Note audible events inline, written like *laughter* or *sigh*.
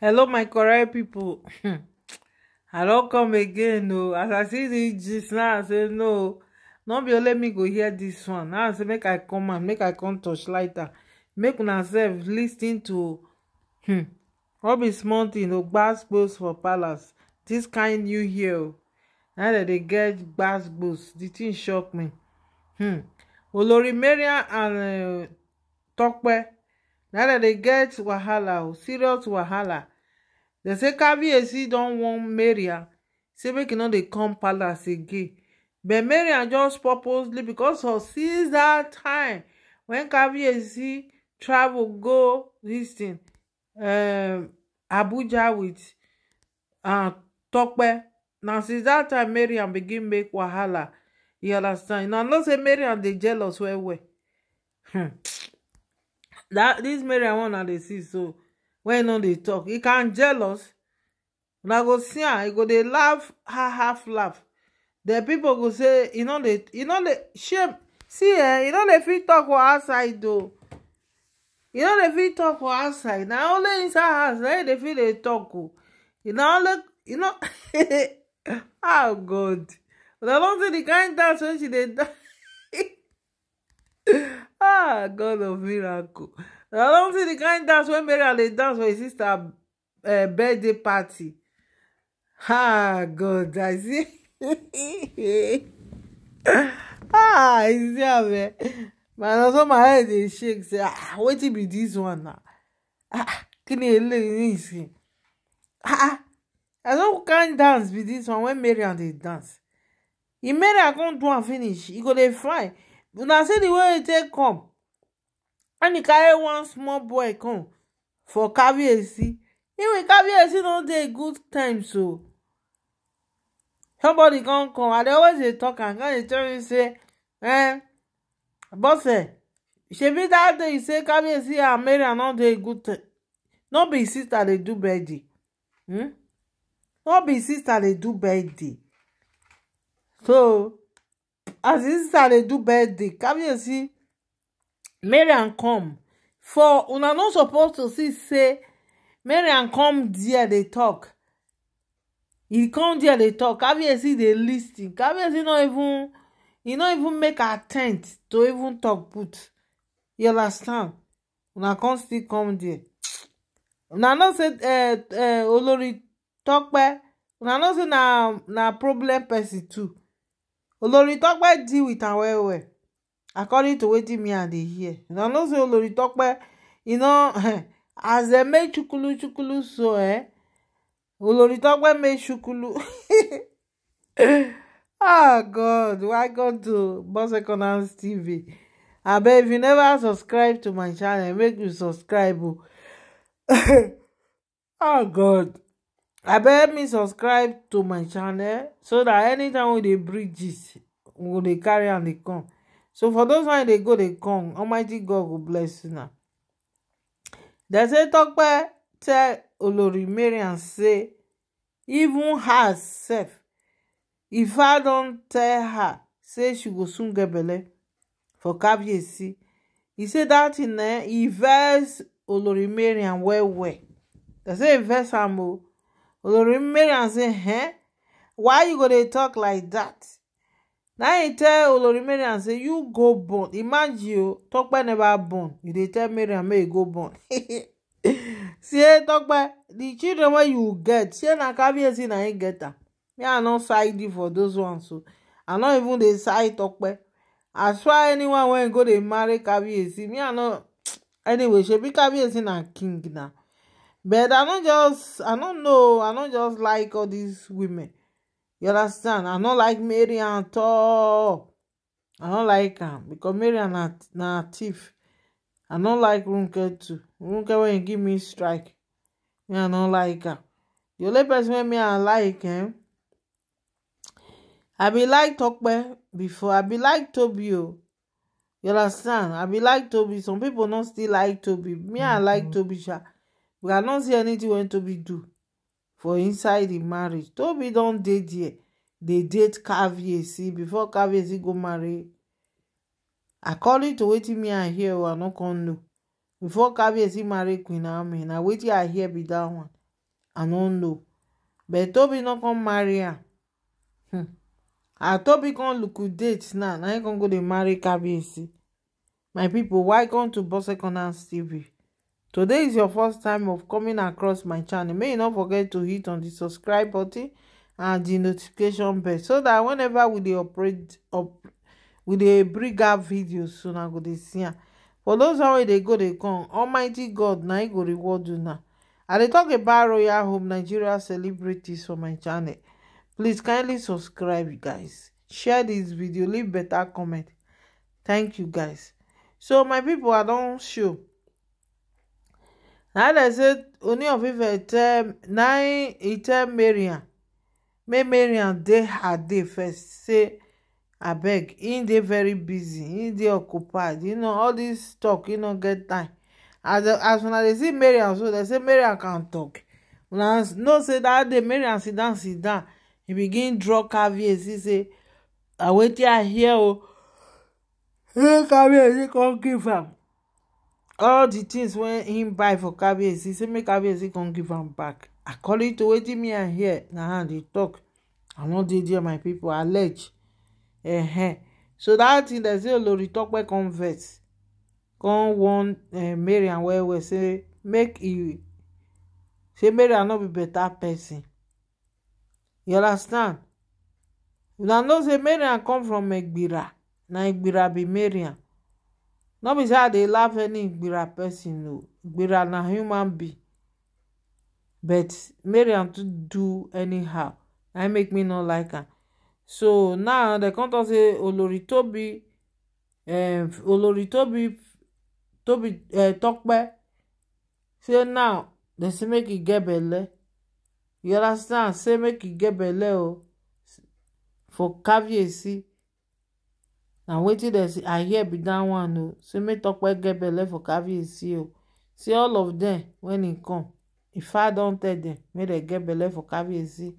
hello my correct people. Hmm. i don't come again no. Oh. as i see this just now i say no no be only me go hear this one now i say make i come and make i come touch lighter make myself sef listen to hmm all be small tin o oh, gbas for palace This kind you hear? Oh. Now that they get bass gbas the thing shocked me hmm olori mariam and eh, Tokwe. Now dem dey get wahala oh, serious wahala They say kabiyesi don warn mariam say make e no dey come palace again but mariam just purposely because of since that time wen kabiyesi travel go dis thing um, abuja with, uh, Tokwe. Now since that time mariam begin make wahala you understand Now know say mariam dey jealous well well hmm that dis mariam one na they see so when e no dey tok e can jealous una go see am e go they laugh half laugh The people go say you know they, you know dey shame see eh you know dey fit talk for outside though. You know dey fit talk for outside Now only inside house na e dey they talk. Oh. You know e only you know *laughs* oh god una don see di kind dance wey she dey *laughs* dance ah god of miracle i don't see the kind dance when mary dey dance for her sister eh, birthday party ah god i see *laughs* ah i see am eh but also my head is shake say ah wetin be this one na ah kini ele nisi ah, ah i don't kind dance with this one when mary dey dance if mary i come do am finish He go to fly una see the way e take come and e carry one small boy come for caviarcy even caviarcy no dey good time so somebody come come i dey always dey talk am come dey tell me say eh bose eh, shebi dat day you say caviarcy and maria no dey good time no be sister dey do birthday hmm no be sister dey do birthday so aziz they do birthday mary and come for una no supposed to see say and come there they talk he come there they talk kabiyesi they lis see no even you no even make attempt to even talk put you understand una come still come dear una know say eh, eh, olori tope una know na problem person too olori tope deal with am well well according to wetin me and dey hear You know say olori tope you know *laughs* as dem make chukulu chukulu so eh olori tope make chukulu *laughs* ah god Why God do? bose corners tv abeg if you never subscribe to my channel make you subscribe o oh *laughs* ah, god I abeg me subscribe to my channel so that anytime we dey bring gist we go carry and dey come so for those one dey go dey come almighty god will bless you una dem say by tell Olori Mariam say even herself if I don't tell her say she go soon get belle for Kabiyesi He said that in there eh, he verse Olori Mariam well well dem say e vex am oh. olori mary and say eh why you go dey talk like dat na him e tell olori mary and say you go born imagine o tokpe never born you dey tell mary and make you e go born *laughs* see eh, tokpe di children wey you get see eh, na si na him get am me i no side for those ones o i no even dey side tokpe as swear anyone wey go dey marry si me i no *tsk* anyway shebi si na king na but i no just i no know i no just like all these women you understand i no like marian at all i no like am becos marian na thief i no like runke too runke wey give me strike me i no like am the only person wey me i like eh i be like tope before i be like Toby, o oh. you understand i be like Toby. some people no still like Toby. me i like mm-hmm. Toby. sha we cannot see anytin wey tobi do for inside the marriage Toby don't date yet. They date See before see go marry according to wetin me i hear are not going know before see marry queen army Now wetin i hear be that one i don't know but Toby not come marry am hmm and look come dates now Now him come go to marry See my people, why come to boss second tv today is your first time of coming across my channel may you not forget to hit on the subscribe button and the notification bell so that whenever we dey operate up we dey bring out videos so una go dey see am for those one wey dey go dey come almighty god na im e go reward una i dey talk about royal home nigeria celebrities for my channel please kindly subscribe guys share this video leave better comment thank you guys so my people, i don show na like say oni of ife tell na e tell mariam make mariam dey her day first say abeg im dey very busy im dey occupied you know all this talk He no get time as as una dey see mariam so dem say mariam can talk una know say dat day mariam sit down sit down He begin draw caviarcy say na ah, wetin i hear o say caviarcy come give am all the things wey him buy for kabiyesi say make kabiyesi come give am back according to wetin me and here na hand dey tok i wan dey there my people allege uh-huh. so that thing dem say olori tope come vex come warn eh, marian well well say make e say marian no be better person. you understand una know say marian come from egbira na egbira be marian no be say i dey laugh any igbira person o igbira na human being but mariam too do anyhow na im make me no like am so now dem come talk say olori tobi um, olori tobi tobi uh, tope say now dem say make e get belle you understand say make e get belle o for caviarcy na wetin dem i hear be dat one o say make tope get belle for Kabiyesi o oh. See all of dem wen e come Ifa don tell dem make dem get belle for Kabiyesi